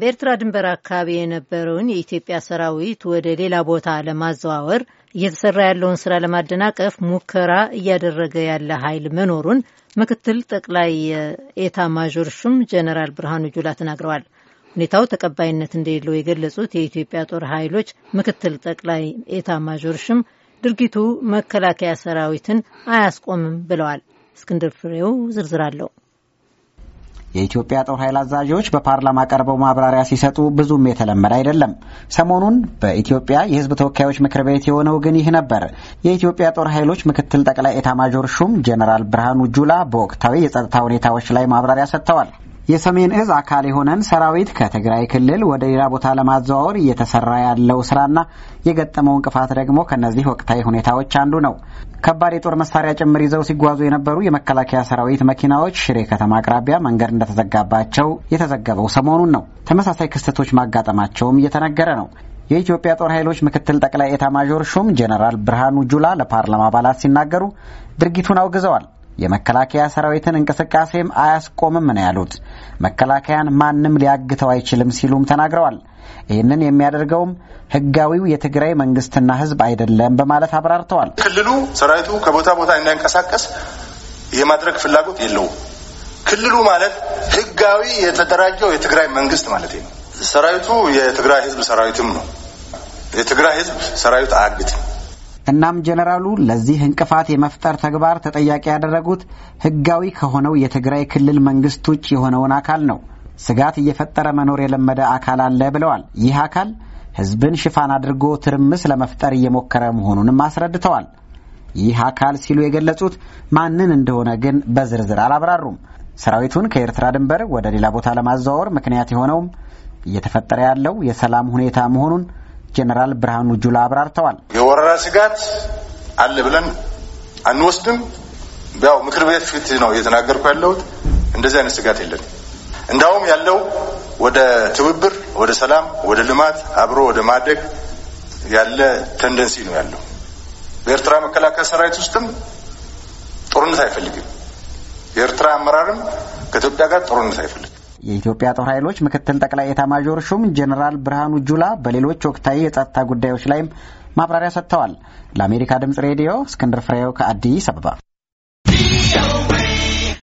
በኤርትራ ድንበር አካባቢ የነበረውን የኢትዮጵያ ሰራዊት ወደ ሌላ ቦታ ለማዘዋወር እየተሰራ ያለውን ስራ ለማደናቀፍ ሙከራ እያደረገ ያለ ኃይል መኖሩን ምክትል ጠቅላይ የኤታ ማዦር ሹም ጀነራል ብርሃኑ ጁላ ተናግረዋል። ሁኔታው ተቀባይነት እንደሌለው የገለጹት የኢትዮጵያ ጦር ኃይሎች ምክትል ጠቅላይ ኤታ ማዦር ሹም ድርጊቱ መከላከያ ሰራዊትን አያስቆምም ብለዋል። እስክንድር ፍሬው ዝርዝር አለው። የኢትዮጵያ ጦር ኃይል አዛዦች በፓርላማ ቀርበው ማብራሪያ ሲሰጡ ብዙም የተለመደ አይደለም። ሰሞኑን በኢትዮጵያ የሕዝብ ተወካዮች ምክር ቤት የሆነው ግን ይህ ነበር። የኢትዮጵያ ጦር ኃይሎች ምክትል ጠቅላይ ኤታማዦር ሹም ጀነራል ብርሃኑ ጁላ በወቅታዊ የጸጥታ ሁኔታዎች ላይ ማብራሪያ ሰጥተዋል። የሰሜን እዝ አካል የሆነን ሰራዊት ከትግራይ ክልል ወደ ሌላ ቦታ ለማዘዋወር እየተሰራ ያለው ስራና የገጠመው እንቅፋት ደግሞ ከእነዚህ ወቅታዊ ሁኔታዎች አንዱ ነው። ከባድ የጦር መሳሪያ ጭምር ይዘው ሲጓዙ የነበሩ የመከላከያ ሰራዊት መኪናዎች ሽሬ ከተማ አቅራቢያ መንገድ እንደተዘጋባቸው የተዘገበው ሰሞኑን ነው። ተመሳሳይ ክስተቶች ማጋጠማቸውም እየተነገረ ነው። የኢትዮጵያ ጦር ኃይሎች ምክትል ጠቅላይ ኤታማዦር ሹም ጀነራል ብርሃኑ ጁላ ለፓርላማ አባላት ሲናገሩ ድርጊቱን አውግዘዋል። የመከላከያ ሰራዊትን እንቅስቃሴም አያስቆምም ነው ያሉት። መከላከያን ማንም ሊያግተው አይችልም ሲሉም ተናግረዋል። ይህንን የሚያደርገውም ህጋዊው የትግራይ መንግስትና ህዝብ አይደለም በማለት አብራርተዋል። ክልሉ ሰራዊቱ ከቦታ ቦታ እንዳይንቀሳቀስ የማድረግ ፍላጎት የለውም። ክልሉ ማለት ህጋዊ የተደራጀው የትግራይ መንግስት ማለት ነው። ሰራዊቱ የትግራይ ህዝብ ሰራዊትም ነው። የትግራይ ህዝብ ሰራዊት አያግትም። እናም ጀነራሉ ለዚህ እንቅፋት የመፍጠር ተግባር ተጠያቂ ያደረጉት ህጋዊ ከሆነው የትግራይ ክልል መንግስት ውጭ የሆነውን አካል ነው። ስጋት እየፈጠረ መኖር የለመደ አካል አለ ብለዋል። ይህ አካል ህዝብን ሽፋን አድርጎ ትርምስ ለመፍጠር እየሞከረ መሆኑንም አስረድተዋል። ይህ አካል ሲሉ የገለጹት ማንን እንደሆነ ግን በዝርዝር አላብራሩም። ሰራዊቱን ከኤርትራ ድንበር ወደ ሌላ ቦታ ለማዘዋወር ምክንያት የሆነውም እየተፈጠረ ያለው የሰላም ሁኔታ መሆኑን ጀነራል ብርሃኑ ጁላ አብራርተዋል። የወረራ ስጋት አለ ብለን አንወስድም። ያው ምክር ቤት ፊት ነው እየተናገርኩ ያለሁት። እንደዚህ አይነት ስጋት የለን። እንዳውም ያለው ወደ ትብብር፣ ወደ ሰላም፣ ወደ ልማት አብሮ ወደ ማደግ ያለ ተንደንሲ ነው ያለው። በኤርትራ መከላከያ ሰራዊት ውስጥም ጦርነት አይፈልግም። የኤርትራ አመራርም ከኢትዮጵያ ጋር ጦርነት አይፈልግም። የኢትዮጵያ ጦር ኃይሎች ምክትል ጠቅላይ ኤታማዦር ሹም ጀኔራል ብርሃኑ ጁላ በሌሎች ወቅታዊ የጸጥታ ጉዳዮች ላይም ማብራሪያ ሰጥተዋል። ለአሜሪካ ድምጽ ሬዲዮ እስክንድር ፍሬው ከአዲስ አበባ